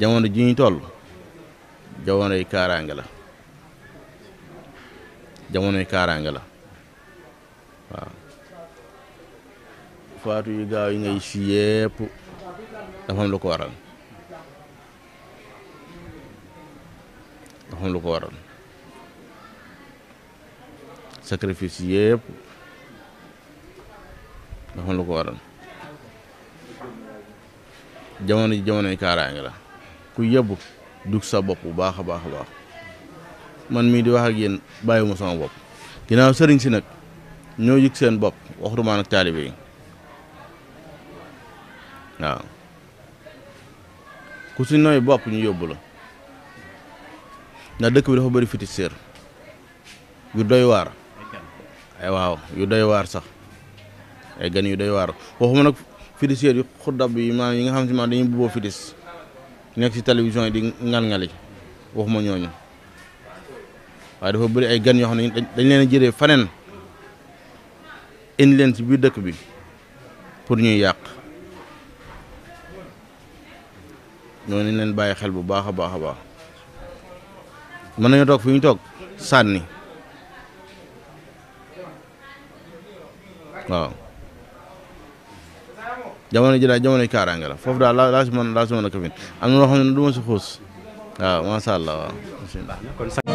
jamono ji ñu toll jamonoy kaaraange la jamonoy kaaraange la waaw faatu yu gaaw yi ngay si lu ko waral dafa am lu ko waral sacrifice yépp dafa am lu ko waral jamono ji jamonoy kaaraange la ku yebbu dug sa bopp bu baax a baax baax man mii di wax ak yéen bàyyiwuma sama bopp ginnaaw sëriñ si nag ñoo yëg seen bopp waxtuma nag taalibe yi ku si nooy bopp ñu yóbbu la dëkk bi dafa bëri féticheur yu doy waar ay waaw yu doy waar sax ay gan yu doy waar waxuma nag féticheur yu xuddab yi maanaam yi nga xam si maanaam dañuy bubboo fétiche nekk ci télévision yi di ngan-ngali waxuma ñooñu waaye dafa bëri ay gan yoo xam ne dañ leen a jëlee faneen indi leen ci biir dëkk bi pour ñuy yàq ñoo nañ leen bàyyi xel bu baax a baax a baax mën nañu toog fi ñu toog sànni waaw jamono ji daal jamonoy kaaraange la foofu daal laa laa si mën laa si mën a ko fi ma si xuus waaw macha allah waaw.